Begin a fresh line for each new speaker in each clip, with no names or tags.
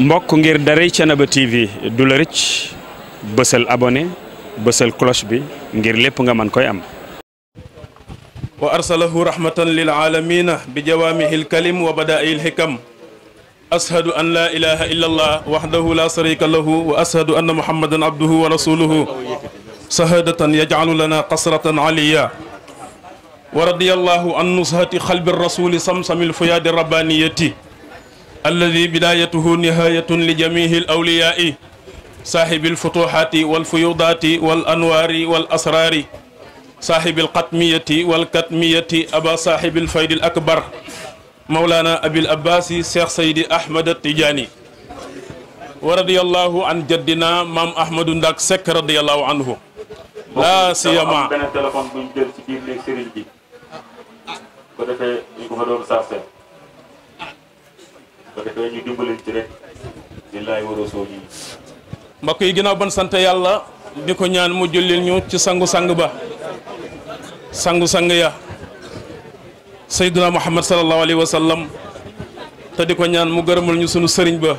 mbokk ngir daray Thiénaba TV du la rëcc bësal
cloche bi ngir lépp nga mën koy am wa arsalahu rahmatan lil aalamina bi wa badaa'il hikam ashadu an laa ilaha illa allah wahdahu la sharika lahu wa ashadu anna muhammadan wa rasuluhu sahadatan yajcalu lana qasratan aliya wa an nushati xalbi rasuli samsamil fuyaadi rabbaniyati alladi bidayatuhu nihayatun li jamihi al awliyaai saaxibi alfutuxaati walfuyudaati wal anwaari wal asraari saaxibi alxatmiyati walkatmiyati aba saaxibi alfaydi al akbar mawlaana abil abbaasi seex saydi ahmad tijaani wa radiyallahu an jaddina maam ahmadou ndak sekk radiyallahu anhu laa siyama benn téléphone bu ñu jël ci biir néeg sëriñ bi ko defee ñu ko fa doon saafee ko yi mbokk ginnaaw ban sant yàlla di ko ñaan mu jullil ñu ci sangu-sang ba sangu-sang ya sayduna muhammad sallallahu alayhi wa te di ko ñaan mu gërëmal ñu sunu sëriñ ba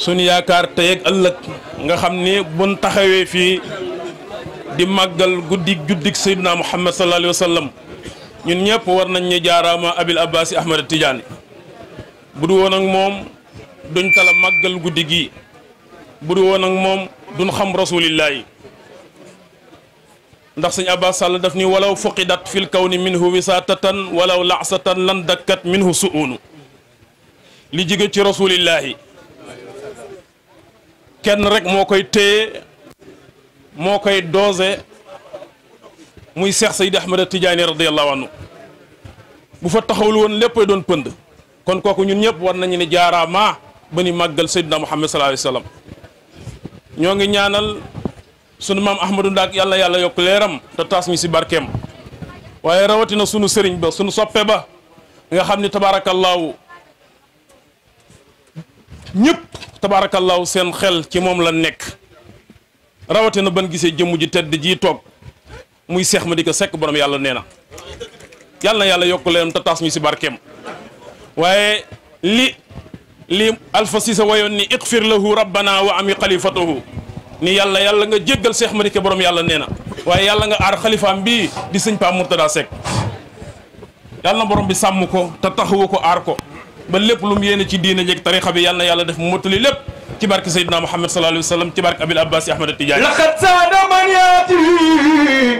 sunu yaakaar te ak ëllëg nga xam ni buñ taxawee fii di màggal guddig juddig sayduna muhammad sallallahu alayhi wa sallam ñun ñëpp war nañ ñu jaaraama abil abbasi ahmad tijaani bu du woon ak moom duñ tala màggal guddi gi bu du woon ak moom duñ xam rasulillahi ndax sëñ Abbas Sall daf ni walaw fuqidat fil kawni minhu wisaatatan walaw laxsatan lan dakkat minhu suunu li jige ci rasulillahi kenn rek moo koy téye moo koy doose muy Seex Sayid Ahmad Tijaani radiyallahu anhu bu fa taxawul woon léppay doon pënd kon kooku ñun ñëpp war nañu ne jaaraama ba ni màggal sayyidina muhammad sallallahu alayhi wa sallam ñoo ngi ñaanal sunu maam ahmadou ndaak yàlla yàlla yokk leeram te taas ñu si barkeem waaye rawatina sunu sëriñ ba sunu soppe ba nga xam ni tabaarakallaahu ñëpp tabaarakallaahu seen xel ci moom la nekk rawatina ban gisee jëmm ji tedd ji toog muy seex ma di sekk borom yàlla nee na yàlla na yokk leen te taas ñu si barkeem waaye li li Alpha Cissé wayoon ni iqfir lahu rabbana wa ami xalifatahu ni yàlla yàlla nga jéggal Seex Madické borom yàlla nee na waaye yàlla nga aar xalifaam bi di sëñ Pape Mourtada Seck yàlla na borom bi sàmm ko te taxawu ko aar ko ba lépp lu mu yéene ci diine jeeg tarixa bi yàlla na yàlla def mu mottali lépp ci barke Seydina Muhammad sallallahu alayhi wa sallam ci barke Abil Abbas Ahmad Tijaani laqad saada man yaati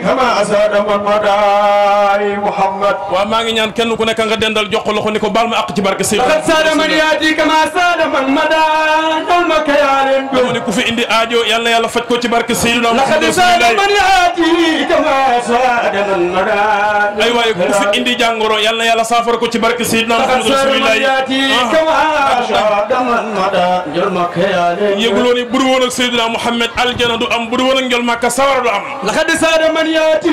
kama asaada man madaari Muhammad waaw maa ngi ñaan kenn ku nekk nga dendal jox ko loxo ni ko baal ma àq ci barke Seydina laqad saada man yaati kama asaada man madaari dal ma ka yaalen dama ne ku fi indi aajo yàlla yàlla faj ko ci barke Seydina Muhammad saada man
yaati kama asaada man madaari ay waaye ku fi
indi jàngoro yàlla yàlla saafara ko ci barke Seydina Muhammad saada man yaati ah. kama asaada man madaari dal ma ka yëguloo ni buru woon ak Seydina Mouhamed aljana du am buru woon ak njol makka sawara du am laqad saada man yaati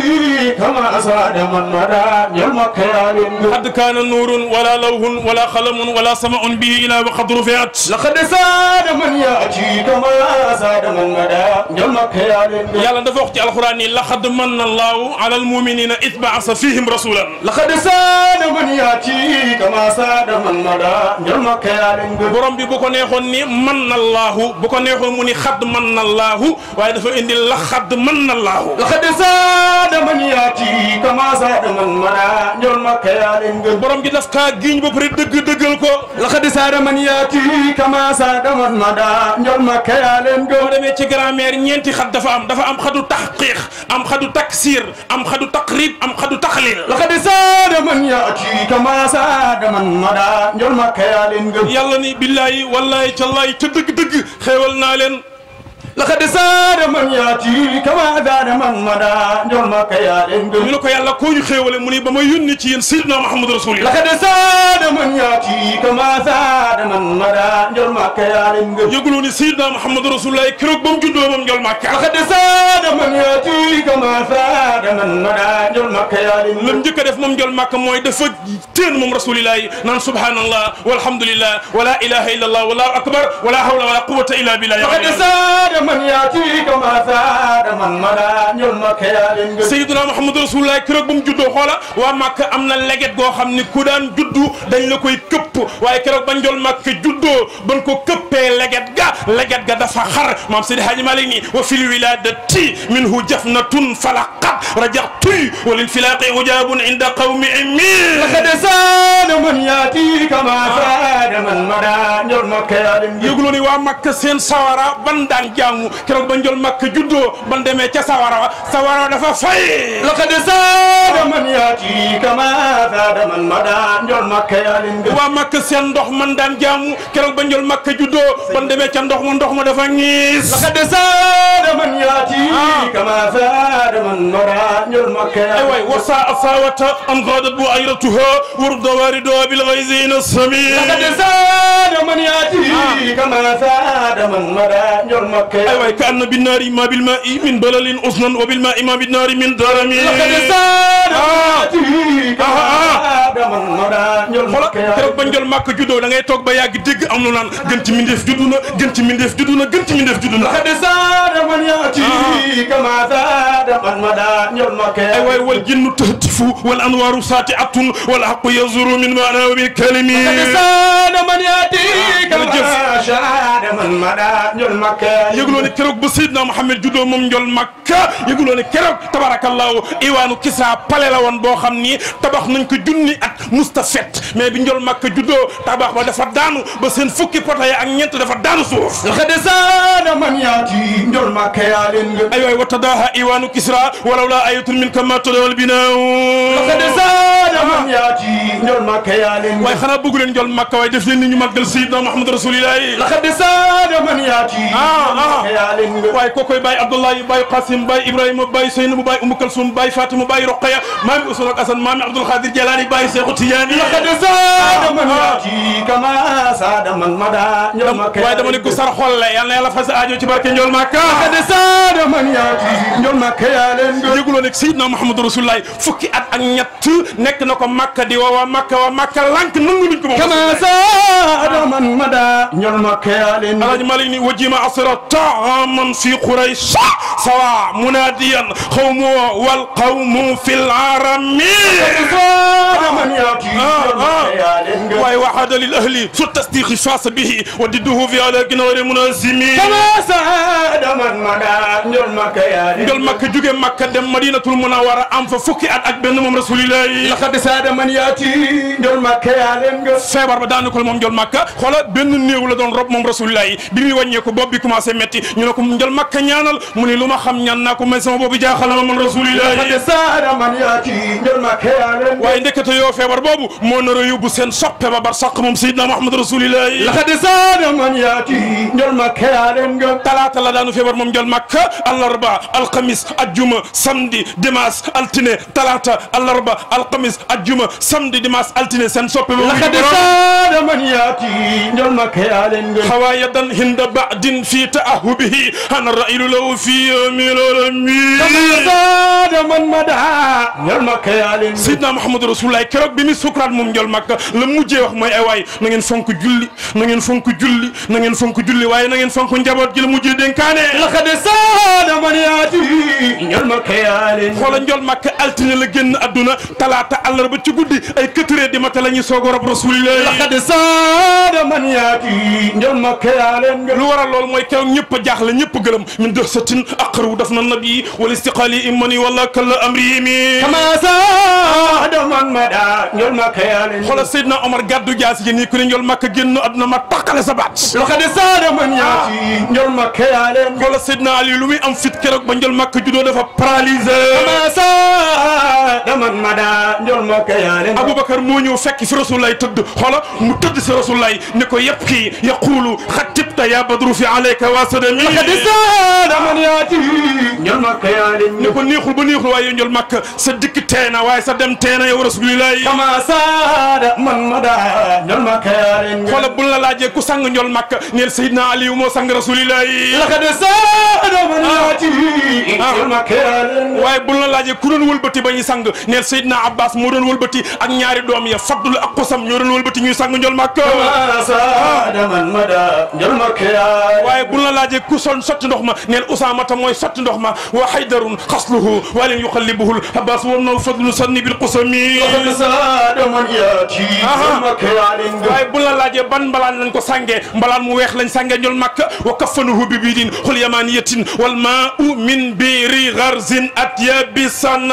kama asaada man mada njol makka yaalindu qad kaana nuurun wala lawhun wala xalamun wala samaun bihi ila wa qadru fiat laqad saada man yaati kama asaada man mada njol makka yaalindu yàlla dafa wax ci alquran ni laqad manna allahu ala almuminina id baasa fihim rasulan laqad saada man yaati kama asaada man mada njol makka yaalindu borom bi bu ko neexoon ni man na allaahu bu ko neexoo mu ni xadd man na allaahu waaye dafa indi la xadd man na allaahu laxad
saada man yaati
kama saada man mana ñool makka yaa leen ngën borom bi daf kaa giiñ ba pare dëgg dëggal ko laxad saada man yaati kama saada man mana ñool makka yaa leen ngën boo demee ci grammaire ñeenti xat dafa am dafa am xadu taxqiq am xadu taksir am xadu taqrib am xadu taxlil laxad saada man yaati kama saada man mana ñool makka yaa leen ngën yàlla ni billaahi wallaahi ca laay ca dëgg dëgg-dëgg xéewal naa leen laqad saada man yaati kama zaada man mada njol makka yaa leen gën ñu ne ko yàlla koo ñu xéewale mu ni ba ma yónni ci yéen sayyidina Muhammad rasulillah laqad saada man yaati kama zaada man mada njol makka yaa leen gën yëguloo ni sayyidina Muhammad rasulillah keroog ba mu juddoo moom njol makka laqad saada man yaati kama zaada man mada njol makka yaa leen gën lam njëkk a def moom njol makka mooy dafa teen moom rasulillah naan subhanallah walhamdulillah wala ilaha illallah wallahu akbar wala hawla wala quwwata illa billah
man yaati kama
saada man mada ñol makka yaa leen gën sayyiduna muhammad rasulullah keroog ba mu juddoo xoola waa makka am leget goo xam ni ku daan juddu dañ la koy këpp waaye keroog ba njol makka juddoo ban ko këppee leget ga leget ga dafa xar maam seydi haaji malik ni wa fil wiladati minhu jafnatun falaqat raja'tu wa lil filaqi ujabun inda qawmi immi laqad
saana man yaati kama saada
man mada ñol makka yaa leen gën yëglu ni waa makka seen sawara ban daan jaaw jaamu keroog ba njol makka juddoo ban demee ca sawara sawara dafa fay laqad saada man yaati kama saada man mada njol makka yaalin waa makka seen ndox man daan jaamu keroog ba njol makka juddoo ban demee ca ndox ma ndox ma dafa ngiis laqad saada man yaati kama saada man mada njol makka yaalin ay waay wasa asawata am gadat bu ayratuha warud dawaridu bil ghayzi nasmi laqad
saada
man yaati kama saada man mada njol makka ay waay ka anna binnaari ma bil ma i min balalin usnan wa bil ma i ma binnaari min darami ah, ah, ah. xola keroog ba njol màkk juddoo da ngay toog ba yàgg dégg am lu naan gën ci mindeef juddu na gën ci mindeef juddu na gën ci mindeef juddu na ay waay wal jinnu tahtifu wal anwaaru saati atun wal haqu yazuru min maana bil kalimi jëf yëguloo ne keroog ba Seydina Mouhamed juddoo moom njol Makka yëguloo ne keroog tabarakallahu iwaanu Kisra pale la woon boo xam ni tabax nañ ko junni at mustafet mais bi njol Makka juddoo tabax ba dafa daanu ba seen fukki poto yi ak ñeent dafa daanu suuf xadesana man yaati njol Makka yaa leen nga ay waay wa tadaaha iwaanu Kisra walaw laa ayatun min kama todawal binaaw xadesana man yaati njol Makka yaa leen nga waaye xanaa bëggu leen njol Makka waaye def leen ni ñu màggal Seydina Mouhamed rasulillahi laqad saada man yaati ah, ah. waaye kookoy Baye Abdoulaye Baye Qasim Baye Ibrahima Baye Seynabu Baye Umu Kalsum Baye Fatima Baye Roqaya maami Usman ak Asan maami Abdul Xaadir Jalaani Baye Seexu Tijaani waaye dama ne ku sar xol la yal na yàlla fas aajo ci barke Njool Makka yëguloo nag Seydina Mouhamadou Rasulullahi fukki at ak ñett nekk na ko Makka di woo waa Makka waa Makka lànk nangu luñ ko moom Alaaji Malik ni wajima asirata عاما في قريش سواء مناديا قوم والقوم في العرم واي وحد للاهل في التصديق فاس به ودده في على جنور منازمين كما سعد من مدى نجل مكة يا نجل مكة جوجي مكة دم مدينة المنورة أم ففكي أد أك بن مم رسول الله لقد سعد من ياتي نجل مكة يا نجل فبر بدانك المم نجل مكة خلا بن نيو لدون رب مم رسول الله بيبي ونيكو بوبي كما سمتي yi ñu ne ko mu njël makka ñaanal mu ni lu ma xam ñaan naa ko mais sama boobu jaaxal na ma man rasulillah yi waaye ndekete yoo feebar boobu moo nar a yóbbu seen soppe ba bar saq moom sayidna Muhammad rasulillah yi talaata la daanu feebar moom njël makka alarba alxamis ajjuma samedi dimanche altine talaata alarba alxamis ajjuma samedi dimanche altine seen soppe ba xawaa yadan hinda baadin fii taahud الله به أنا الرأي له في يوم العالمين زاد من مدى ñol makk yàlla sidna Muhammad Rasulullah keroog bi mi sukuraat moom ñol makk la mujjee wax mooy ay waay na ngeen fonk julli na ngeen fonk julli na ngeen fonk julli waaye na ngeen fonk njaboot gi la mujjee dénkaane laqad saada man yaati ñol makk yàlla xoola ñol makk altine la génn adduna talaata àllarba ci guddi ay këtëree di mata la ñuy soog a rob Rasulullah laqad saada man yaati ñol makk yàlla lu waral lool mooy keroog ñëpp ñëpp jaaxle ñëpp gëlëm min def satin aqru daf na nabi wala istiqali imani wala kala amri mi kamasa daman mada ñol makka yalla xoolal Seydina Omar gàddu jaasi ji nii ku ne ñol makka génn àdduna ma taqale sa baat loxade sada man ñaati ñol makka yalla xoolal Seydina Ali lu muy am fit keroog ba ñol makka juddoo dafa paralysé kamasa daman mada ñol makka yalla Aboubacar moo ñëw fekk fi Rasulullah tëdd xoolal mu tëdd si Rasulullah ne ko yëpp kii yaqulu xatibta ya badru fi alayka wa dami laqad saada man yaati ñol makka yaa leen ni ko neexul ba neexul waaye ñol makka sa dikk teena waaye sa dem teena yow rasulillahi kama saada man mada ñol makka yaa leen xoola bu la laajee ku sang ñol makka neel sayidna ali moo sang rasulillahi laqad saada man yaati ah. ah. ñol makka yaa leen waaye bu la laajee ku doon wëlbati ba ñu sang neel sayidna abbas moo doon wëlbati ak ñaari doom ya fadlu ak xusam ñoo doon wëlbati ñuy sang ñol makka kama saada man mada ñol makka yaa waaye bu la laajee waajee ku son sotti ndox ma neel usaamata mooy sotti ndox ma wa xaydarun xasluhu walin yuqallibuhu abbas wam naw fadlu sanni bil qusami waaye bu la laajee ban mbalaan lañ ko sàngee mbalaan mu weex lañ sàngee ñol makka wa kafanuhu bi biidin xul yamaniyatin wal maa u min biiri garzin at yabisan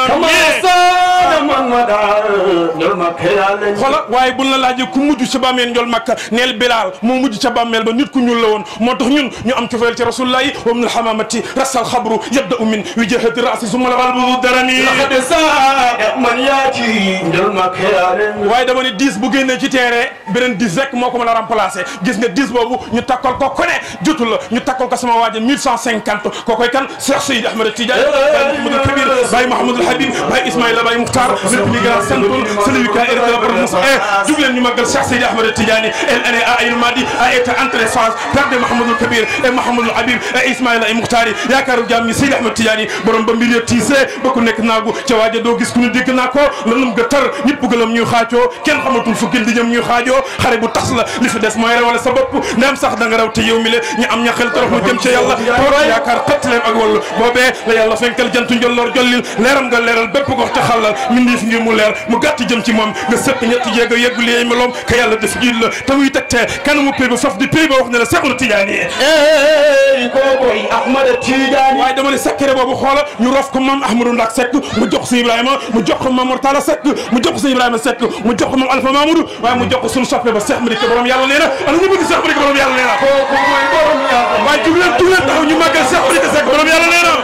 xola waaye bu la laajee ku mujj ca bàmmeel ñol makka neel bilaal moo mujj ca bàmmeel ba nit ku ñuul la woon moo tax ñun ñu am jural ci rasulullahi wa min alhamamati rasal xabru yabda'u min wijahati rasi summa albalbu darani laqad saa man yaati ndal makkaare waaye dama ne dix bu génnee ci teere beneen dix rek moo ko mën a remplacer gis nga dix boobu ñu takkal ko ku ne jotu la ñu takkal ko sama waaje mille cent cinquante kookoy kan Cheikh Seydi Ahmed Tidiane eh, Baye Mahamadoul eh, Kabir eh. Baye Mahamadoul Habib Baye Ismaïla Baye Moukhtar lépp ñu gën a santoon celui qui a hérité la promesse jug leen ñu màggal Cheikh Seydi Ahmed Tidiane elle année à Ayil Madi a été entré phase père de Mahamadoul Kabir et Mahamad Mouhamadul Habib ay e Ismaïla ay e Muxtaar yi yaakaaru jaam ñi Seydi Ahmad Tidiane yi ba ku nekk naagu ca waaja doo gis ku ñu dégg naa lanum nga tar ñëpp gëlam xaajoo kenn xamatul fu gën di ñam ñuy xaajoo xare bu tax li fi des mooy rawale sa bopp sax da nga yow mi le am ña xel torox lu jëm ca yàlla yaakaar xëtt leen ak la yàlla fenkal jantu ci moom nga sëpp ñetti jéego yeggu li meloom ka yàlla di pay ba wax ne la Seexul Tijaan léegi kooku mooy Ahmada Tidiane waaye dama ne sakkere boobu xoola ñu rof ko moom Ahmadou Ndak Seck mu jox ko Ibrahima mu jox ko Mamour Talla Seck mu jox ko Ibrahima Seck mu jox ko moom Alpha Mamadou waaye mu jox ko suñu soppe ba Cheikh Madické borom yàlla nee na ana ñu bëgg Cheikh Madické borom yàlla nee na kooku mooy borom yàlla waaye jug leen jug leen taxaw ñu màggal Cheikh Madické Seck borom yàlla nee na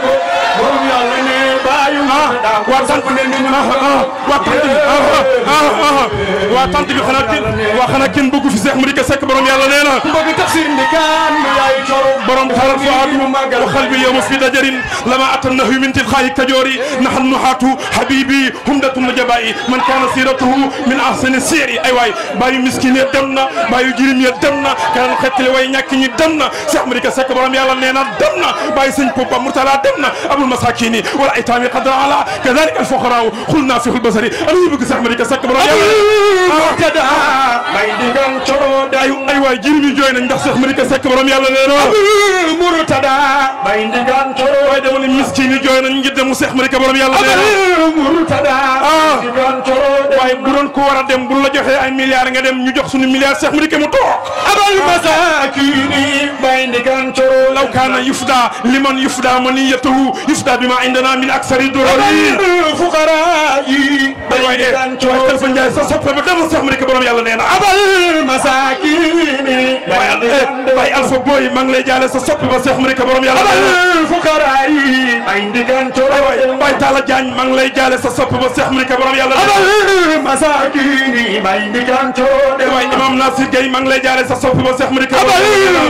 borom yàlla nee bàyyi ah waaw sant ah waa tant bi ah, ah, ah, waa tant bi xanaa kin waa xanaa kin bëggu fi Seex Madické Seck borom yàlla nee na bëgg tafsir ndikaan yaay coro borom xaral fuaat wa xalbi yowma fi dajarin lama atan nahyu min tilxaayi kajoori naxan nuhaatu habibi humdatu najabaayi man kaana siratuhu min ahsani siri ay waay bàyyu miskin ya dem na bàyyu jirim ya dem na keneen xettali way ñàkk ñi dem na Seex Madické Seck borom yàlla nee na dem na bàyyi sëñ Pompa Murtala dem na abul masakini wala itaami qadra ala kadalika alfuqaraa xulna fi xulba basari ana ñu bëgg sax ma di ko sakk ma doon yàlla ah, te daa may digal coro dayu ay waay jiri mi jooy nañ ndax sax ma di ko sakk ma doon yàlla nee
noo muru tada
may digal coro waay dama ne miskin yi jooy nañ ngir dem mu sax ma di ko borom yàlla nee muru tada ah. digal coro waaye bu doon ko war a dem bu la joxee ay milliards nga dem ñu jox suñu milliards sax ma di ko mu toog abal ah. masakini may digal coro law kaana yufda liman yufda maniyatahu yufda bima indana min aksari dorori eh, fuqara yi lii dañ koy dee waaye Talfa Ndiaye sa soppe ba dama sax mu ne ko borom yàlla nee na abal masakini waaye eh, Alpha Boy maa ngi lay jaale sa soppe ba sax mu ne ko borom yàlla abal fuqara yi ay ndigan coro waaye Talla Diagne maa ngi lay jaale sa soppe ba sax mu ne ko borom yàlla abal masakini ay ndigan coro waaye Imam Nasir Gueye maa ngi lay jaale sa soppe ba sax mu ne ko abal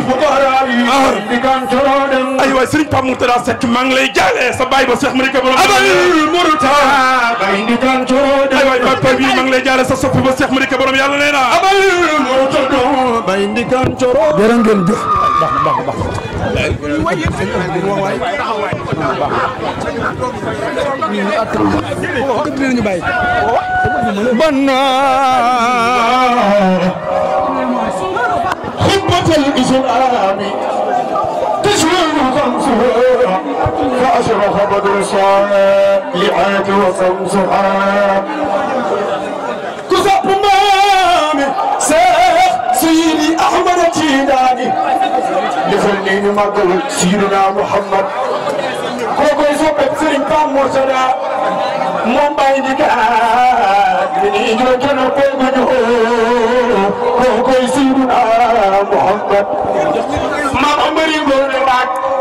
fuqara yi ay ah. ndigan coro ay waay Serigne Pape Moutada Seck maa ngi lay jaale sa baay ba sax mu ne ko borom abal murta ay ndigan ay waay papa bi maa ngi lay jaale sa sopp ba Cheikh Madické borom yàlla nee naa. bay ndikan coro.
jërë ngeen jëf. baax na baax
na
baax na.
banna. xubbatal
islaami شمسها فأشرق بدر الساعات وشمسها كسب مامي سيخ سيدي أحمد
تيداني
لفنين مقل سيدنا محمد
كوكو سبب سرين بام مرسلا مومباي ديكات
من إجرى جنة كوكو كوكو سيدنا محمد
ما أمري بولا باك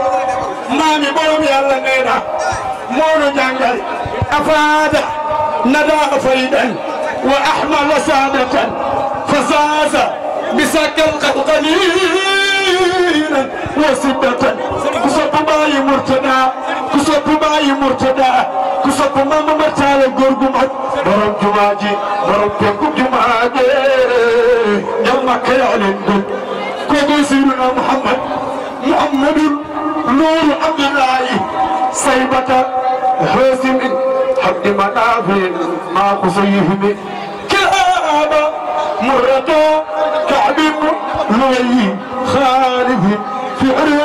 maami borom yàlla nee na moo nu jàngal afaada nadaa faydan wa ahmala saadatan fa saasa bi sakkal qalilan wa siddatan ku sopp baayi murtada ku sopp baayi murtada ku sopp mam martaale góor gu mag borom jumaa ji borom penku jumaa ji ñam makka yaa leen dund kooku Seydina Muhammad Muhammadun نور عبد الله سيبة هازم حد مناف ما خصيه كهابة مرة كعب لوي خالد فعل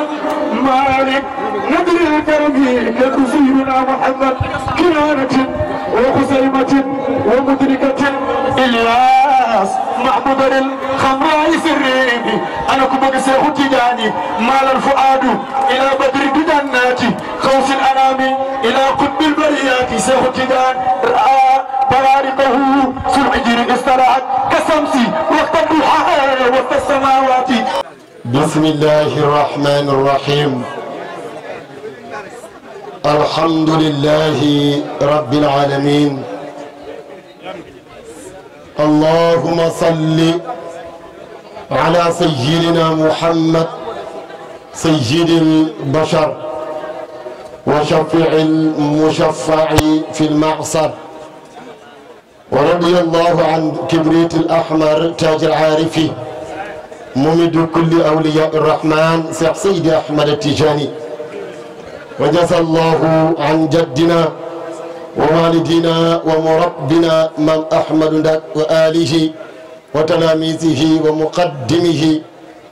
مالك نبي الكرم لكسيدنا محمد كنانة وخزيمة ومدركة إلا الناس مع بدر الخمراء سريبي أنا كبك سيخ تجاني مال الفؤاد إلى بدر بجنات خوص الأنام إلى قطب البريات سيخ تجان رأى طوارقه في الحجر استرعت كالشمس وقت الضحى وقت السماوات بسم الله الرحمن الرحيم الحمد لله رب العالمين اللهم صل على سيدنا محمد سيد البشر وشفع المشفع في المعصر ورضي الله عن كبريت الأحمر تاج العارفين ممد كل أولياء الرحمن سيد أحمد التجاني وجزى الله عن جدنا ووالدنا ومربنا من أحمد لك وآله وتلاميذه ومقدمه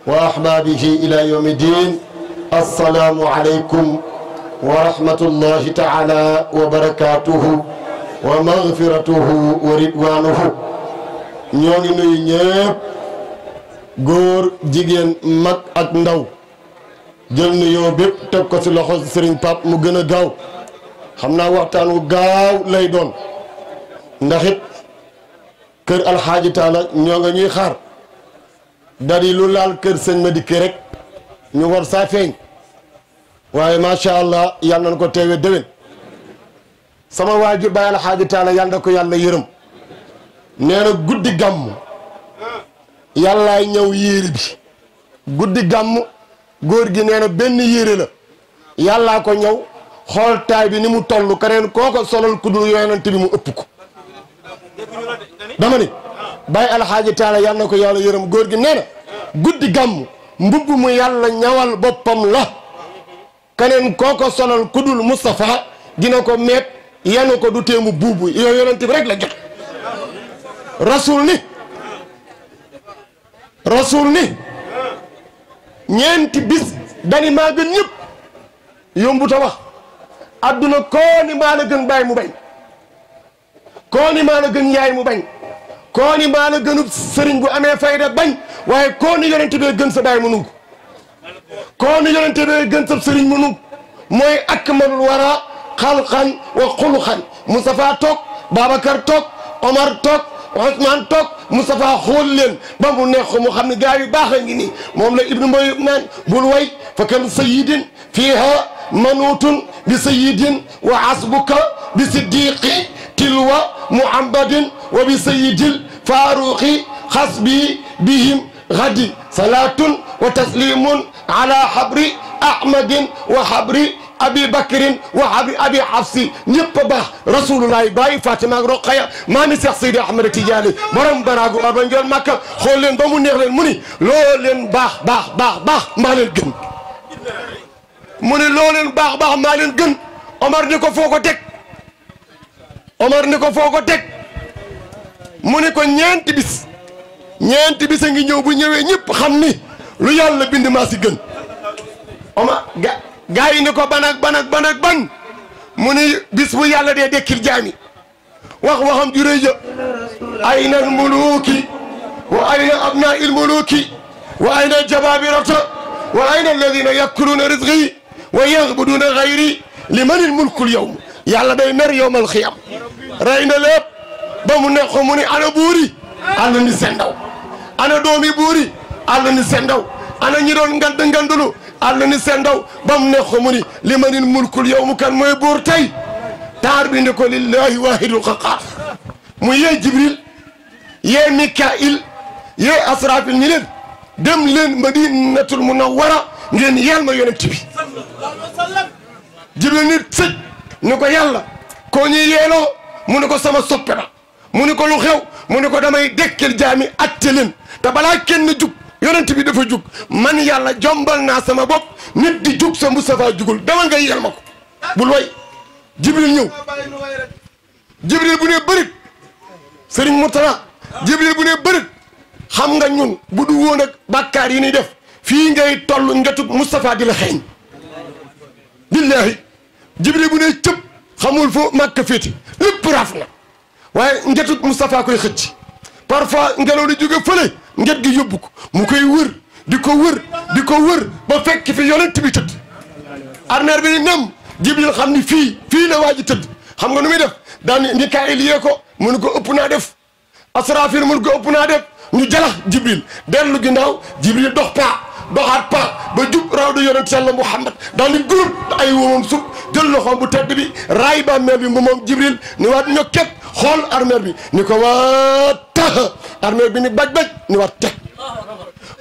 وأحبابه إلى يوم الدين السلام عليكم ورحمة الله تعالى وبركاته ومغفرته ورضوانه ñoo ngi nuyu ñëpp góor jigéen mag ak ndaw jël nuyoo bépp teg ko ci loxo Serigne Pape mu gën a gaaw xam naa waxtaan wu gaaw lay doon ndax kër alxaaji taala ñoo nga ñuy xaar dari lu laal kër sëñ ma dikk rek ñu war saa feeñ waaye macha allah yal nañ ko teewe déwén sama waajur ji bàyyi alxaaji taala yal na ko yàlla yërëm nee na guddi gàmm yàllaay ñëw yéeri bi guddi gàmm góor gi nee na benn yére la yàllaa ko ñëw xool taay bi ni mu toll keneen kooko solal ku dul bi mu ëpp ko dama ni bàyyi alxaaji taala yal na ko yàlla yërëm góor gi nee na guddi gàmm mbubb mu yàlla ñawal boppam la keneen kooko solal ku dul Moustapha dina ko meet yanu ko du teemu buubu yooyu yonent bi rek la jot rasul ni rasul ni ñeenti bis dani maa gën ñëpp yombu wax adduna koo ni maa gën baay mu bañ koo ni gën yaay mu bañ koo ni maa la gënub sëriñ bu amee fayda bañ waaye koo ni yonente bee gën sa mu nung koo ni yonente bee gën sëriñ mu nung mooy akmalul wara xalxan wa xuluxan Mustafa toog Babacar toog Omar toog Ousmane toog Moustapha xool leen ba mu neex ko mu xam ne gars yu baax a ngi nii moom la Ibnu Mbayoub naan bul way fa kam sayidin fiiha manuutun bi sayidin wa asbuka bi siddiqi tilwa muhammadin wa bi sayidil faaruqi xasbi bihim gadi salaatun wa taslimun ala xabri ahmadin wa xabri abi bakrin wa abi abi hafsi ñëpp a baax rasulullahi bàyyi fatima ak roqaya maami seex seydi ahmada tijaani borom baraagu ba njool makka xool leen ba mu neex leen mu ni loo leen baax baax baax baax maa leen gën mu ni loo leen baax baax maa leen gën omar ni ko foo ko teg omar ni ko foo ko teg mu ni ko ñeenti bis ñeenti bis a ngi ñëw bu ñëwee ñëpp xam ni lu yàlla bind maa si gën gaa yi ni ko ban ak ban ak ban ak ban mu ni bis bu yàlla dee dekkil jaami wax waxam juré jë ayna al muluki wa ayna abna il muluki wa ayna jababirata wa ayna alladina yakuluuna rizqi wa yaxbuduuna xayri li manil mulkul yowm yàlla day mer yowmal xiyam rey na lépp ba mu neex ko mu ni ana buuri àll ni seen ndaw ana doomi buuri àll ni seen ndaw ana ñi doon ngand ngandulu allah ni sendaw bam nekko muni limanil mulkul yow mu kan mooy buur tey taar binde ko lillahi wahidul qahar mu yee jibril yee mikail yee asrafil ni dem leen madinatul munawwara ngeen yal ma yonent bi jibril nit sëj ni ko yàlla koo ñuy yeeloo mu ne ko sama soppe la mu ne ko lu xew mu ne ko damay dekkel jaami atte leen te balaa kenn jug yonent bi dafa jug man yàlla jombal naa sama bopp nit di jug sa Moustapha jugul demal nga yel ma ko bul way jibril ñëw jibril bu ne bërit sëriñ Mourtala jibril bu ne bërit xam nga ñun bu du woon yi ni def fii ngay toll njotub Moustapha di la xeeñ billahi jibril bu ne cëpp xamul foo màkk féeti lépp raaf na waaye njotub Moustapha koy xëcc parfois ngelaw li jóge fële njët gi yóbbu ko mu koy wër di ko wër di ko wër ba fekk fi yonent bi tëdd armeer bi ni nam jibril xam ni fii fii la waa ji tëdd xam nga nu muy def daan mikaayil yee ko mu nu ko ëpp naa def asraafil mu nu ko ëpp naa def ñu jalax jibril dellu ginnaaw jibril dox paa doxaat paa ba jub raw da yonent yàlla muhammad daal di groupe ay womam suuf jël loxoom bu tedd bi raay bàmmeel bi mu moom jibril ni waat ñokket xool armeel bi ni ko waa tax armeel bi ni baj baj ni war teg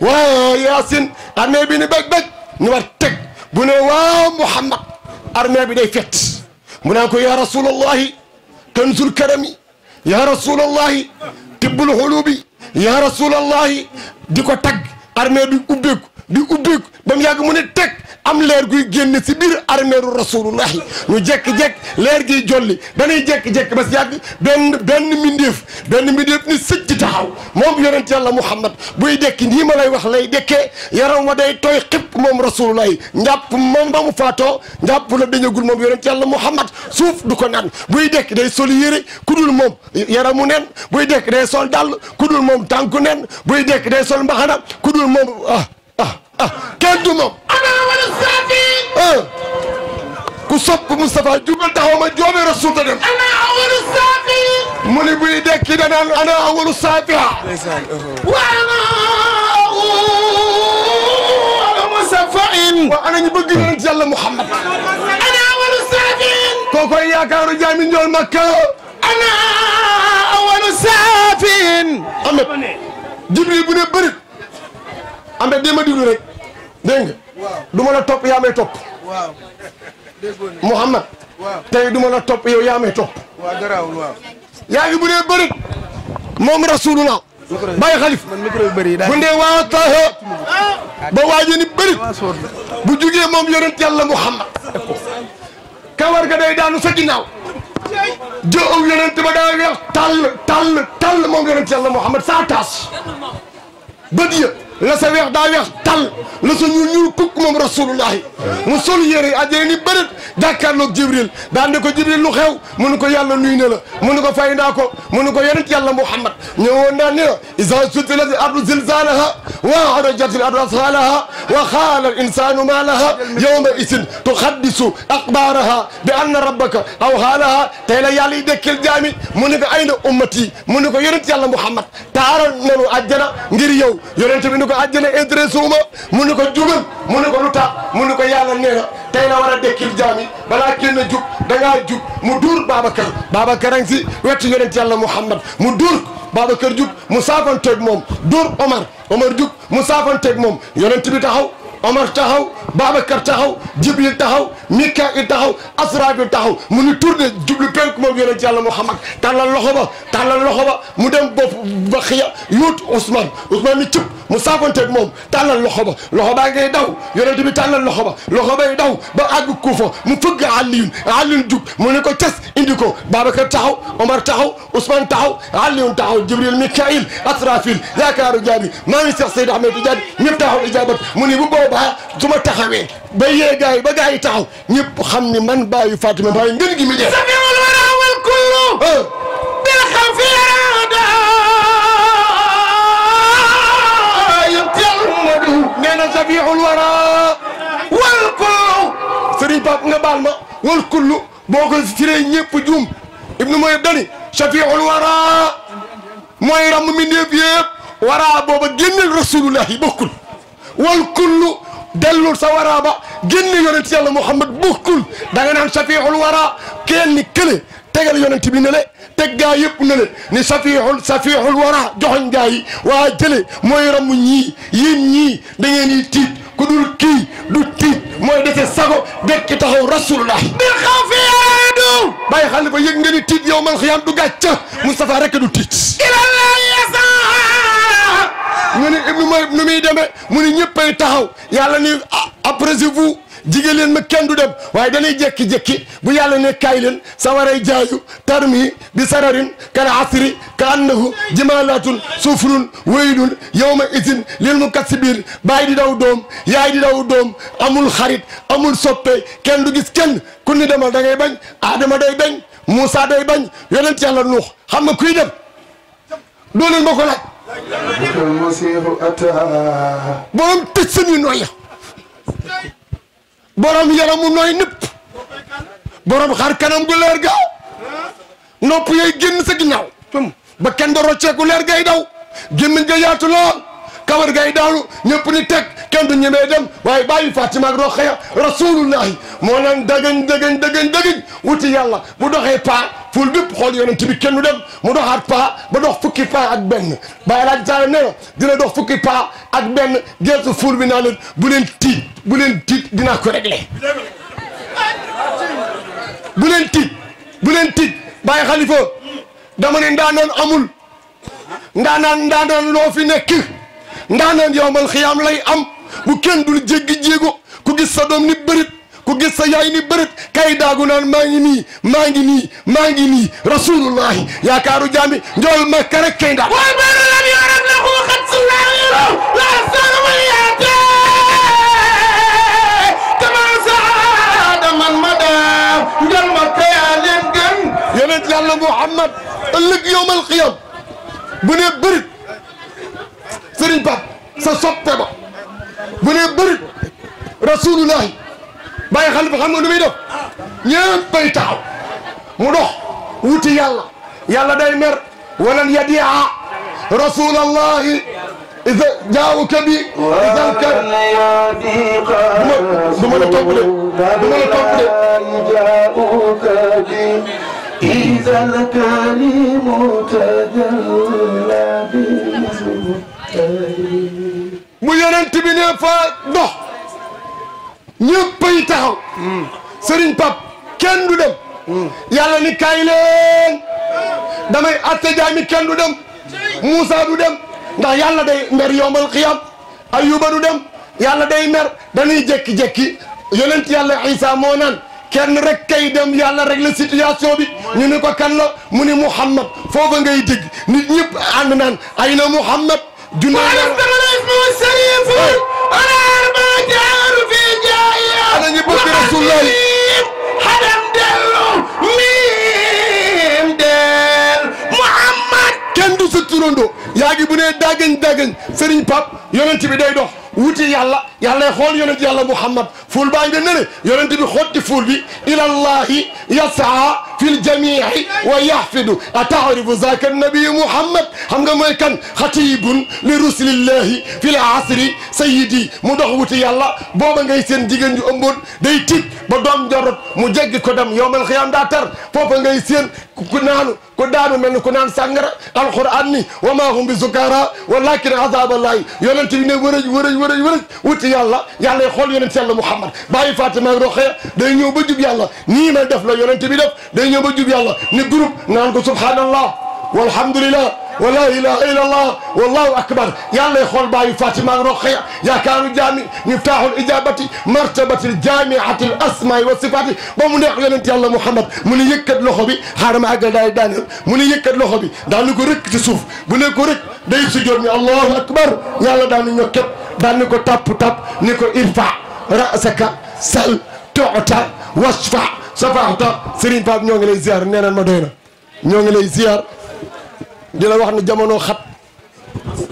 waa yaasin armeel bi ni baj baj ni war teg bu ne waa muhammad armeel bi day fet mu naan ko yaa rasulallahi kanzul karami yaa rasulallahi tibbul xulubi yaa di ko tag armeel bi ubbeeku di ubbi ba mu yàgg mu ne teg am leer guy génn si biir armeeru rasulullahi ñu jekk-jekk leer giy jolli dañuy jekk-jekk ba si yàgg benn benn mbindeef benn mbindeef ni sëcc taxaw moom yonent yàlla muhammad buy dekki nii ma lay wax lay dekkee yaram wa day tooy xëpp moom rasulullahi njàpp moom ba mu faatoo njàpp la dañagul moom yonent yàlla muhammad suuf du ko naan buy dekk day sol yére ku dul moom yaramu nen buy dekk day sol dàll ku moom tànku nen buy dekk day sol mbaxana ku dul ah, ah du moom. ana wala saafi. Ah, ku sopp Moustapha jugal taxaw ma joobe rasul ta dem. ana awalu saafi. mu ni buy dekki danaan ana awalu saafi ah. ana ñu bëgg yonent yàlla Muhammad. ana awalu saafi. Makka. ana awalu saafi. Ahmed bu ne bërit. am na déma diglu rek dégg nga du ma la topp yaa may topp waaw tey du ma la topp yow yaa may topp
waaw garaawul waaw
yaa ngi bu dee bërit moom rasulullah bàyyi xalif bu ndee waa taxe ba waaje ni bërit bu jugee moom yonent yàlla Mouhamad kawar ga day daanu sa ginnaaw jo aw yonent ba daa weex tàll tàll tàll moom yonent yàlla Mouhamad saa taas bët la sa weex daa tal la sa ñuul ñuul kukk moom rasulullahi mu sol yére ajjee ni bërët jibril daan ne ko jibril lu xew mu ne ko yàlla nuy ne la mu ne ko fay naa ko mu ne ko yonent yàlla muhammad ñëwoon naa ne la isa zulzilat ardu zilzalaha wa arajatil ardu asxaalaha wa xaala al insanu ma laha yawma isin tuxaddisu axbaaraha bi anna rabbaka aw xaalaha tey la yàlla yi dekkil jaami mu ne ko ayna ummati mu ko yonent yàlla muhammad taaral nanu àjjana ngir yow yonent bi ni ko àjjana intéressé wu mu ni ko jugal mu ni ko lu tax mu ni ko yàlla nee na tey la war a dekkil jaam yi balaa kenn jug dangaa jug mu duur Babacar Babacar a ngi si wetu yonent yàlla Muhammad mu duur Babacar jug mu saafanteeg moom duur Omar Omar jug mu saafanteeg moom yonent bi taxaw Omar taxaw Babacar taxaw Jibril taxaw Mikail taxaw Asraabil taxaw mu ni tourné jublu penk moom yonent yàlla Muhammad tàllal loxo ba tàllal loxo ba mu dem bopp ba xiya yuut Ousmane Ousmane ni cëpp mu saabanteeg moom tàllal loxo ba loxo baa ngay daw yonent bi tàllal loxo ba loxo bay daw ba àgg Kuufa mu fëgg Aliyun Aliyun jug mu ne ko cas indi ko Babacar taxaw Omar taxaw Ousmane taxaw Aliyun taxaw Jibril Mikail Asraafil yaakaaru jaabi maa ngi Seex Seydi Ahmed Tijaani ñëpp taxaw ijaabat mu ni bu boobaa du ma taxawee ba yee gars yi ba gars yi taxaw ñëpp xam ni man bàyyi Fatima bàyyi ngeen gi mi def samiul wara wal kullu bil ah. xawfi arada ah, yamtiamadu nee na samiul wara wal kullu sëriñ Pape nga baal ma wal kullu boo ko siree ñëpp juum ibnu mooy dani shafiul wara mooy ram mi ndéef yëpp wara booba génnel rasulullah yi bokkul wal kullu dellul sa waraa ba génn yonent yàlla Muhammad bokkul da nga naan safiixul waraa kenn kële tegal yonent bi ne le teg gaa yëpp ne le ni safiixul safiixul waraa joxoñ gaa yi waa jële mooy ramu ñii yéen ñii da ngeen yi tiit ku dul kii du tiit mooy dese sago dekki taxaw rasulullah bi xafiadu bàyyi xale ba yëg nga ni tiit yow man xiyaam du gàcca Moustapha rek du tiit ilalla yasa ñu ne ibnu mooy nu muy demee mu ne ñëppay taxaw yàlla ni ah, après vous jigéen leen ma kenn du dem waaye dañuy jékki-jékki bu yàlla ne kaay leen sawaray jaayu tarmi bi sararin kal asri ka annahu jimalatun sufrun waylun yawma idin lil mukassibin baay di daw doom yaay di daw doom amul xarit amul soppe kenn du gis kenn ku ni demal da ngay bañ Adama day bañ Moussa day bañ yonent yàlla nuux xam nga kuy dem doo leen ma ko laaj borom tëj suñu nooy ya borom yaramu nooy nëpp borom xar kanam gu leer gaaw nopp yooyu génn sa ba kenn do rocceeku leer gay daw gémmiñ ga yaatu kawar gay daanu ñëpp ni teg kenn du ñemee dem waaye bàyyi Fatima ak Roxaya rasulullahi moo naan dagañ dagañ dagañ dagañ wuti yàlla bu doxee paa ful bépp xool yonent bi kenn du dem mu doxaat pa ba dox fukki paa ak benn bàyyi laaj taala nee na dina dox fukki paa ak benn geesu ful bi naa leen bu leen tiit bu leen tiit dinaa ko réglé bu leen tiit leen tiit bàyyi xalifa dama ne ndaanaan amul ndaanaan ndaanaan loo fi ndaanaan yowmal xiyaam lay am bu kenn dul jéggi jéego ku gis sa doom ni bërit ku gis sa yaay ni bërit kay daagu naan maa ngi nii maa ngi nii maa ngi nii rasulullahi yaakaaru jaami njool makka rek kay ndaa waay bana lam yoram lahu xat sulairo la sanawal yaate tama saada man madam njool makka yaa leen gën yonent yàlla muhammad ëllëg yowmal xiyaam bu ne bërit sëriñ Pape sa soppe ba bu ne bërit rasulullahi bàyyi xalifa xam nga nu muy def ñëppay mu dox wuti yàlla yàlla day mer walan yadia rasulallahi isa jaawu kabi isa kar du ma la topp de du ma la topp mu yonent bi ne fa dox ñëppay taxaw sëriñ pap kenn du dem yàlla ni kaay leen damay atte jaami kenn du dem Moussa du dem ndax yàlla day mer yombal xiyam Ayuba du dem yàlla day mer danay jekki-jekki yonent yàlla Isa moo naan kenn rek kay dem yàlla régler situation bi ñu ni ko kan la mu ni Muhammad foofa ngay dégg nit ñëpp ànd na Muhammad junne ana ñi bëgg Rasulullah hadam dellu miim del Muhammad kenn du sa yaa ngi bu ne daggañ daggañ Serigne Pape yonent bi day dox wuti yàlla yàlla xool yonent yàlla Muhammad fuul baa ngi ne yonent bi xotti fuul bi ilallahi yasaa fil jamii'i wa yahfidu a taarifu zaaka nabi Muhammad xam nga mooy kan xatibun li rusulillahi fil asri sayyidi mu dox wuti yàlla booba ngay seen jigéen di ëmboon day tiit ba doom jorot mu jeggi ko dem yowmal xiyaam daa tar foofa ngay seen ku naanu ku daanu mel ni ku naan sàngara alquran ni wa maa hum bi sukara walakin azaaballahi yonent bi ne wërëj wërëj wërëj ci yàlla yàllay xool yonent yàlla Muhammad bàyyi Fatima Roxaya day ñëw ba jub yàlla nii may def la yonent bi def day ñëw ba jub yàlla ni groupe naan ko subhanallah walhamdulillah wala ilaha illallah wallahu akbar yàlla lay xool baayu Fatima ak Roqaya yaakaaru jaami miftaaxul ijaabati martabatil jaamiatil asmaai wa sifaati ba mu neex yonent yàlla Muhammad mu ni yëkkat loxo bi xaaral ma àggal daal daaneel mu ni yëkkat loxo bi daanu ko rëkk ci suuf bu ne ko rëkk day sujjoot ni allahu akbar yàlla daanu ñokket daanu ko tapp tapp ni ko irfa rasaka sal toota wasfa safaata Serigne Pape ñoo ngi lay ziar nee na ma doy na ñoo ngi lay ziar. di la wax ne jamono xat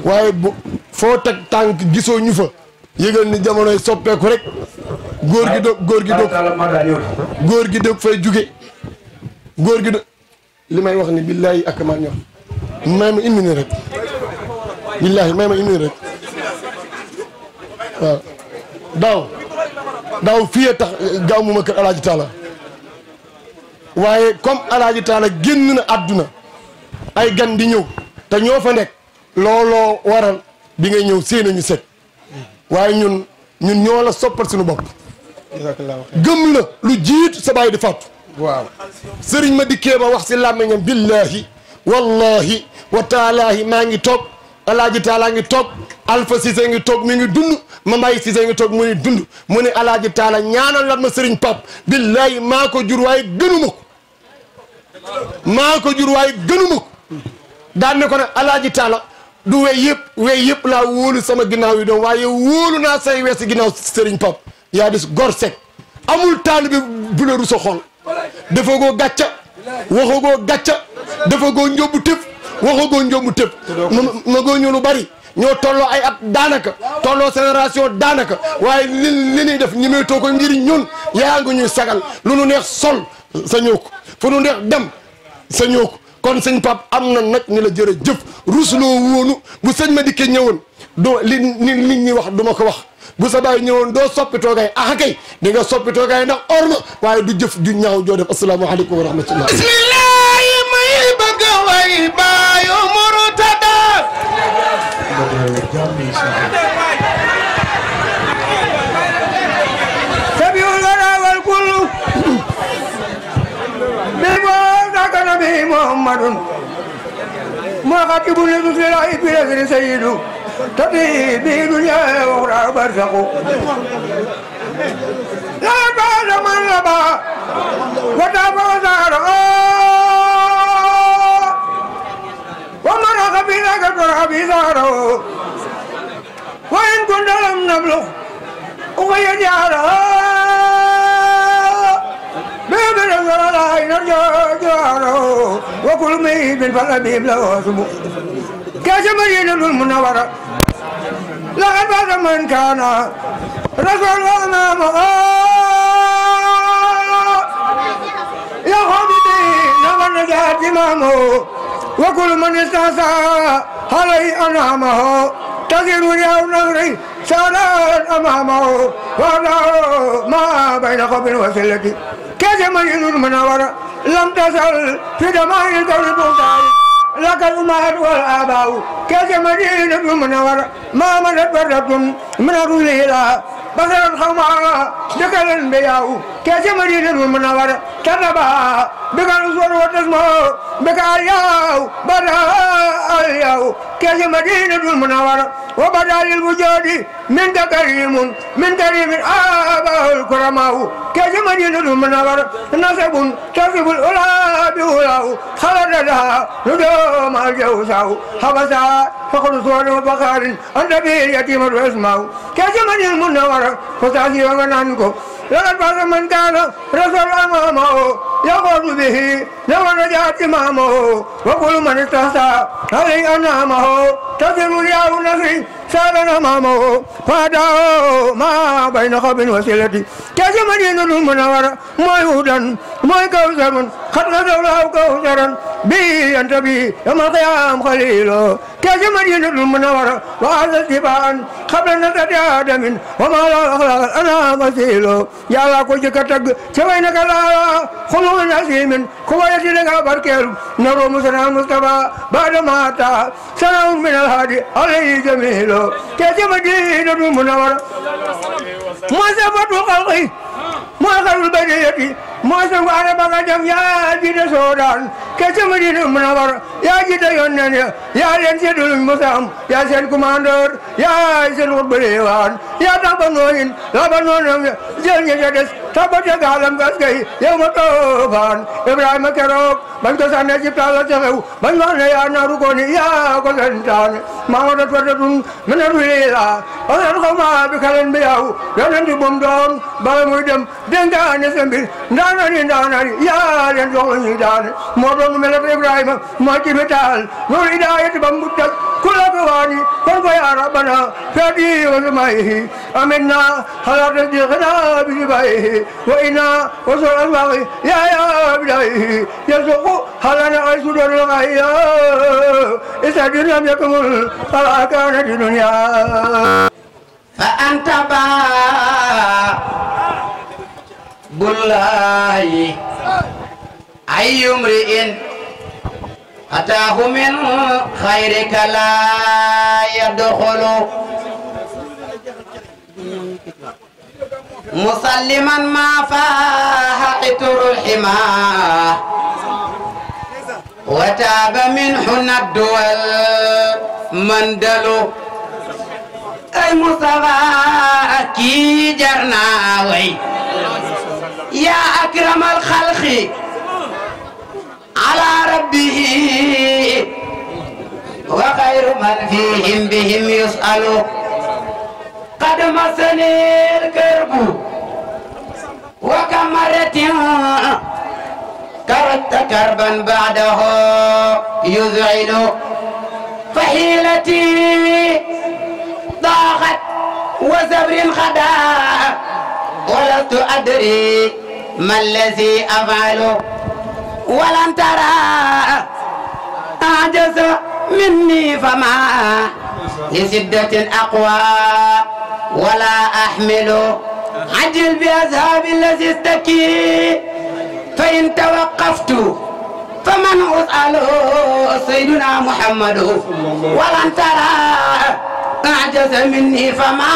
waaye bu foo teg tànk gisoo ñu fa yëgal ni jamonoy soppeeku rek góor gi doog góor gi doog góor gi doog fay juge góor gi doog li may wax ni billaahi ak maa ñor may ma une minute rek billaahi may ma une minute rek waaw daaw daaw fii tax gaaw mu ma kër alaaji taala waaye comme alaaji taala génn na àdduna ay gan di ñëw te ñoo fa nekk looloo waral bi ngay ñëw séen ñu set waaye ñun ñun ñoo la soppal suñu bopp gëm la lu jiit sa baay di fàttu waaw sëriñ ma dikkee ba wax si làmmiñam billaahi wallahi wa taalaahi maa ngi toog alaaji taalaa ngi toog alpha Cissé ngi toog mi ngi dund mambayi Cissé ngi toog mu ngi dund mu ne alaaji taala ñaanal lan ma sëriñ pap billaahi maa ko jur waaye gënuma maa ko jur waaye gënuma ko daan ne alaaji taala du wey yëpp wey yëpp laa wóolu sama ginnaaw yi doom waaye wóolu naa say weesi ginnaaw sëriñ pap yaa dis gor sec amul taalibe bu la rusa xool goo gàcca waxa goo gàcca dafa goo njóbbu tëb waxa goo njóbbu tëb ma goo ñu lu bari ñoo tolloo ay at daanaka tolloo génération daanaka waaye li li ñuy def ñi may too ko ngir ñun yaa ngi ñuy sagal lu nu neex sol sa ñëw ko fu nu neex dem sañoo ko kon sëñ pap am na nag ni la jërëjëf rusloo woonu bu sëñ ma dikkee ñëwoon doo li li nit ñi wax du ma ko wax bu sa baay ñëwoon doo soppi a axa ah, kay di nga soppi toogaay ndax or ma waaye du jëf ju ñaaw joo def asalaamaaleykum wa rahmatullah bismillahi may bëgg way baayu murtada
الله محمد ما خطب لله بنذر سيد تطيه به دنيا واخرى برزق لا بعد من ربا وتابع زهره ومن اخذ ذاك ترى بزهره وان كنا لم نبلغ وقد جعلها بالغراء نرجع جواره وكل مي بالفلبيب له اسمه كاش مدينة المنورة لقد بعد من كان رسول أمامه يا حبيبي نظر نجاة إمامه وكل من استحسى عليه أنعمه تغير وجهه نظري سارا أمامه وأنا ما بين قبل وسلتي كزمن نور منور لم تزل في دماء الكون بغداد لك الأمهات والآباء كزمن نور منور ما ملت بردة من الرسل إلى بصر الحمى ذكر الأنبياء कैसे मरीज मुनवर तनबा बेकार उस वस्मो बेकार याओ बरा याओ कैसे मरीज मुनवर वो बदाल वजूदी من كريم من كريم آباء الكرماء كجمدين المنور نصب تصب الأولى بأولاه خلد لها نجوم الجوساء حبسا فقد صور وبخار أنت به اليتيم العصماء كجمدين المنور فتأتي ومن عنكم لقد فاز من كان رسول أمامه يغر به لو نجات إمامه وكل من استهزى عليه أنعمه تزر رياء النفي سالا أمامه فأداه ما بين خب وسيلة كذا مدينة المنورة مويودا موي كوثر قد غزا الله كوثرا بي أنت بي يوم القيام خليله كذا مدينة المنورة وهذا اتباعا قبل نزل آدم وما لا أخلاق أنا مثيله يا الله كوشك تك سوينك لا خلو يوم عظيم قوات لها بركه نروم سنا مصطفى بعد ما اتى سلام من الهادي عليه جميل تاتي مدينه المنوره مصطفى خلقي مؤخر البريه موسم على بغدام يا جد سودان كتمدين منور يا جد يونان يا لنسد المسام يا سن كوماندور يا سن وبريوان يا تبنوين لبنون جل جدس tabbat ya gaalam gas gay yow ma toofaan Ibrahima keroog bañ ko sànnee ci pla la ca xew bañ wax ne yaa naaru ko ni yaa ko santaane maa wadat wadatun mi ne ruila asan xaw ma bi kalen bi yaw yonent bi mu doon bala muy dem dénkaane sa mbir ndaanani ndaanani yaa leen jox la ñuy daane moo doon melet Ibrahima moo ci mitaal loolu idaayati ba mu daj kula ko waani kon ko yaa rabbana fedi wa samayihi amin na xalaat di xinaa bi وإنا وصول الأسواق يا يا إلهي يرزق هل أنا أسود الغاية إذا دين لم يكمل فلا كان الدنيا فأنت با
بالله أي امرئ أتاه من خيرك لا يدخل مسلما ما فاح عطر الحما وتاب منه الدول مندل اي مصطفى كي جرناوي يا اكرم الخلق على ربه وخير من فيهم بهم يسأل قد مسني الكرب وكمرة كرت كربا بعده يذعل فحيلتي ضاقت وزبر خدا ولست أدري ما الذي أفعل ولم ترى أعجز مني فما لشدة أقوى ولا أحمل عجل بأذهاب الذي استكي فإن توقفت فمن أسأله سيدنا محمد ولن ترى أعجز مني فما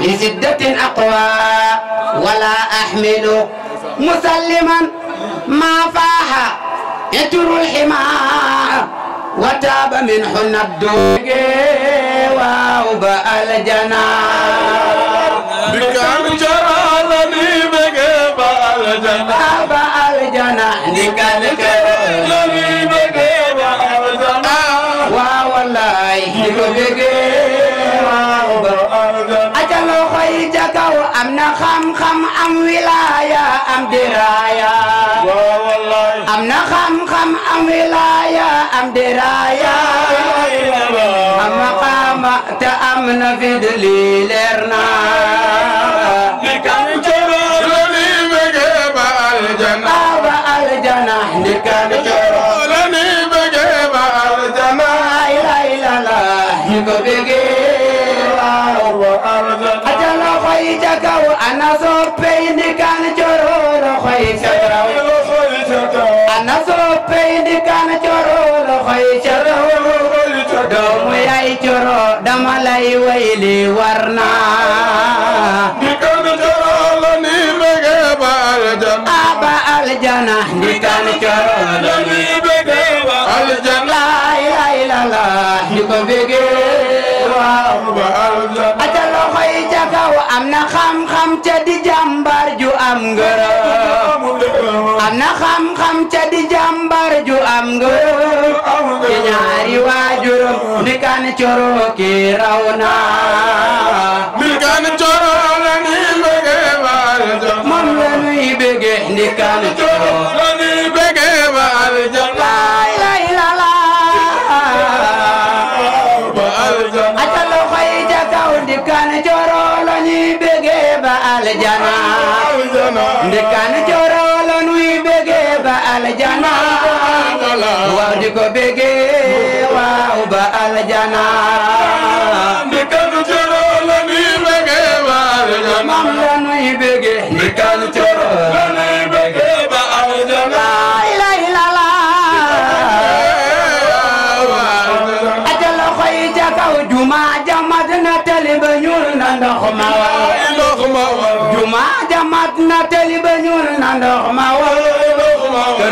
لشدة أقوى ولا أحمل مسلما ما فاح يجر الحمار وتاب من حنا الدوق وعوب الجنا بكم جرى لمي بقى بالجنا بالجنا نكلك لمي
بقى بالجنا
والله بقى وعوب أجل خيجك وأمن خم خم أم ولاية أم دراية am na xam-xam am wilaaya am diraaya am maqaama te am na fi dili leer na li kam coro la ni bëgge ba aljana ba aljana li kam coro la ni bëgge ba aljana la ilala ñu ko bëgge waaw aljana xay ca kaw ana so coro dama lay wayli war naa ndikkan coro la ni bëgge ba aljana ba aljana ndikkan ni bëgge ba aljana laa ilaaha illallaah ndi ko ba aljana aca loxo yi ca kaw am na xam-xam ca di jàmbar ju am ngërëm am na xam-xam ca di jàmbar ju am ngërëm coro ki raw naa ndikaan coro la loxo yi ca kaw ndikaan coro la ñuy bëggee baal jana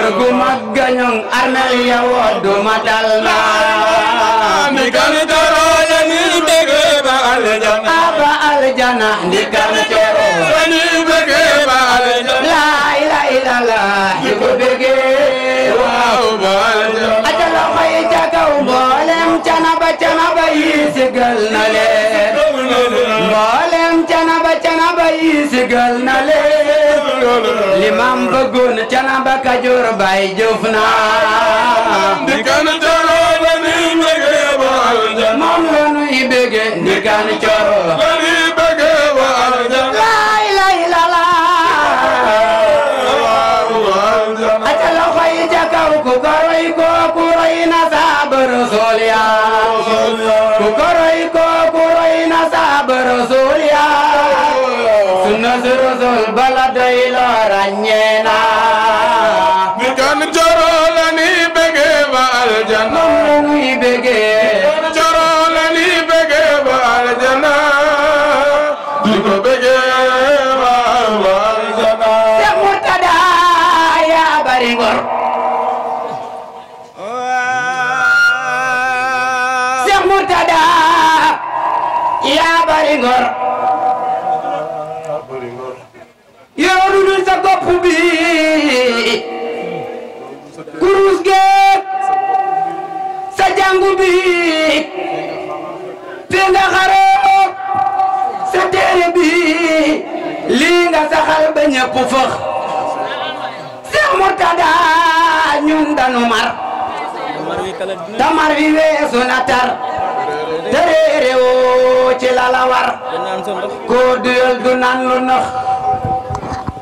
kër gu mag gañoŋ armel ya woddu ma dal naa mi kan toroo la nii bëggee ba aljana aba aljana
ndi kan toroo la nii bëggee ba aljana laa
ilaa ilaa laa yi ko bëggee waaw
ba aljana
aja loxo yi ca kaw mboolem canaba canaba yi sigal na leen mboolem canaba canaba yi sigal na leen limam bëggoon Canaba Kajoor bay jëf naa ndikan coro la ni mbege baal moom la nuy bege ndikan coro bari ngor yow du dul sa bopp bi kurus geeg sa jàngu bi fi nga xaroo sa téere bi lii nga saxal ba ñëpp fëx Seex Murtada ñun danu mar tamar wi weesu na tar tëree réewoo ci la koo duyal du naan lu nox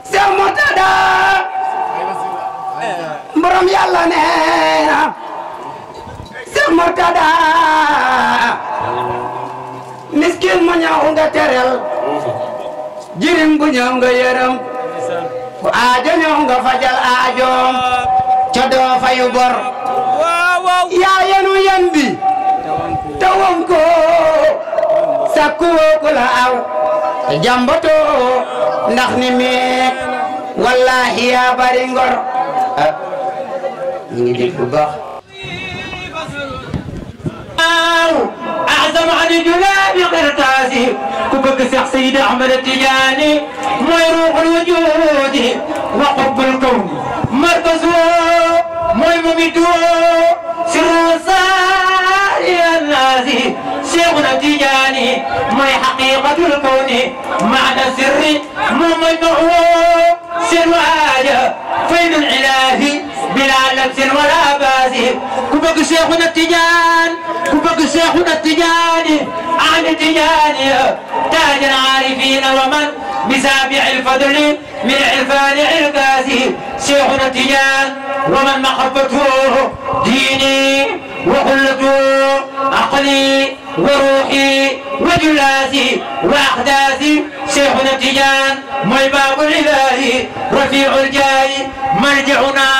Seex Murtada borom yàlla nee na Seex Murtada miskin mu ñëw nga tereel jirim bu ñëw nga yërëm ku aajo ñëw nga fajal aajoom ca doo fayu bor yaa te won ko sakku woo ko wallahi yaa bari ngor ah ñu ngi dégg bu baax.
waaw ahzam ani julaabi qirtaasi ku bëgg Seex Tijaani mooy ruuxul wujuudi wa xubbul kawn markazoo mooy mumitoo si ruusaa أولياء الناس شيخنا تجاني ما حقيقة الكون معنى سر ممنوع سر وآية فين العلاج بلا لبس ولا باس كبك شيخنا التجان كبك شيخنا التجاني عن التجاني تاج العارفين ومن بسابع الفضل من عرفان القاسي شيخنا التجان ومن محبته ديني وخلته عقلي وروحي وجلاسي وأحداثي شيخنا تجان مي باب الإله رفيع الجاي مرجعنا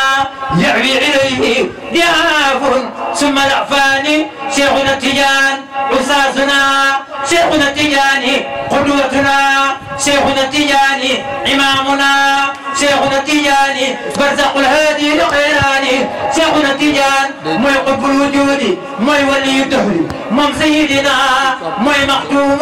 يعوي إليه ضعاف ثم الأعفان شيخنا تجان أساسنا شيخنا تجاني قدوتنا شيخنا تجاني إمامنا شيخنا تيجاني برزق الهادي لقيراني شيخنا تيجان موي قب الوجود موي ولي الدهر مم سيدنا موي مختوم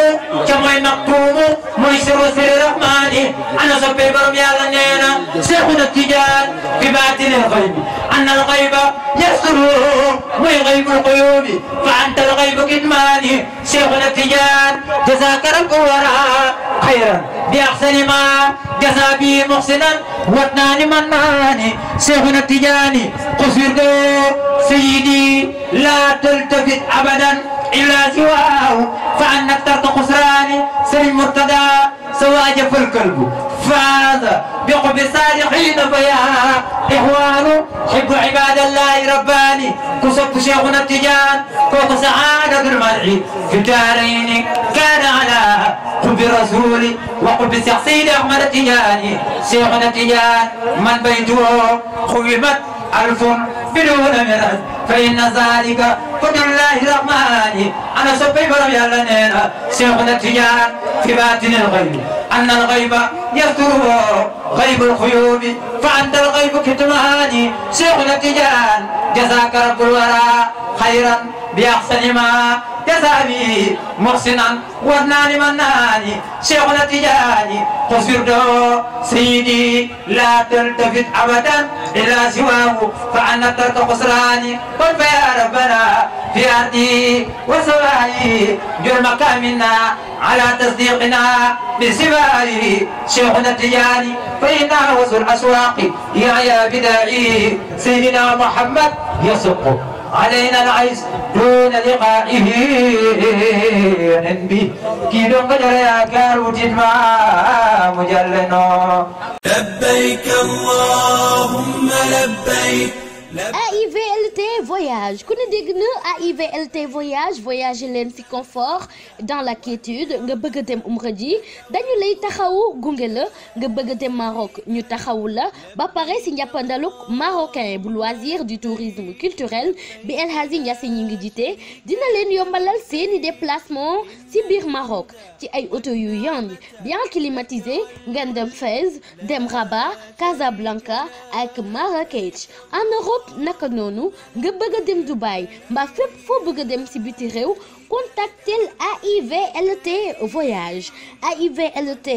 كموي مختوم موي سر سر الرحمن انا صبي برم يا لنينا شيخنا تيجان في باطن الغيب ان الغيب يسره موي غيب القيوب فانت الغيب كتماني شيخنا تيجان جزاك رب ورا خيرا بأحسن ما جزا به محسنا واتنان منان شيخنا التجاني قصير سيدي لا تلتفت أبدا إلا سواه فأنا اخترت خسراني سلم مرتدى سواجف الكلب فاز بقب الصالحين فيا إخوان حب عباد الله رباني كسب شيخنا التجان فوق سعادة المرعي في الدارين كان على حب الرسول وحب شخصين أحمد التجاني شيخنا التجان من بيته خيمت ألف بدون مرض فإن ذلك فبالله الرحمن أنا سبي برم يلا نينا سيخنا تجار في باطن الغيب أن الغيب يستره غيب الخيوب فأنت الغيب كتماني شيخنا تجان جزاك رب الورى خيرا بأحسن ما جزابي محسنا ورنان مناني شيخنا تجاني قصر دو سيدي لا تلتفت أبدا إلا سواه فأنا ترك خسراني قل فيا ربنا في أرضي وسواي جرمك منا على تصديقنا بسواه الجواري شيخنا التجاري فيناوز الأسواق يا بداعي سيدنا محمد يسق علينا العز دون لقائه ننبي كي نقدر يا كاروت ما مجلنا لبيك اللهم لبيك
AIVLT voyage ku ne dégg na AIVLT voyage voyage leen si confort dans la quiétude nga bëgg a dem umra ji dañu lay taxawu gunge la nga bëgg a dem marok ñu taxawu la ba pare si njàppandaluk marocain bu loisir du tourisme culturel bi El Hadji Niasse ñi ngi jiite dina leen yombalal seeni déplacement si biir Maroc ci ay auto yu yand bien climatisé ngeen dem Fès dem raba Casablanca ak Marrakech en Europe naka noonu nga bëgg a dem Dubaï mbaa fépp foo bëgg a dem ci biti réew contactel AIVLT voyage AIVLT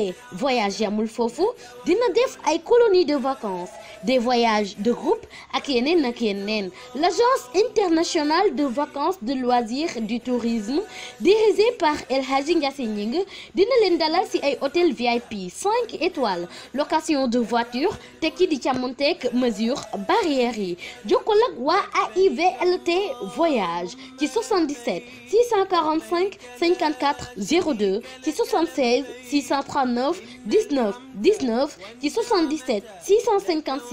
voyage yamul foofu dina def ay colonie de vacances des voyages de groupe ak yeneen ak yeneen l'agence internationale de vacances de loisirs du tourisme dirigée par El Hadji Ndiasse Gningue dina leen dalal ci ay hôtel VIP 5 étoiles location de voiture tekki di càmmonteeg mesure barrières yi jokkal ak waa AIVLT voyage ci 77 645 54 02 ci 76 639 19 19 ci 77 656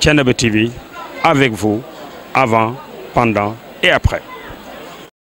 Thiénaba TV avec vous avant, pendant et après.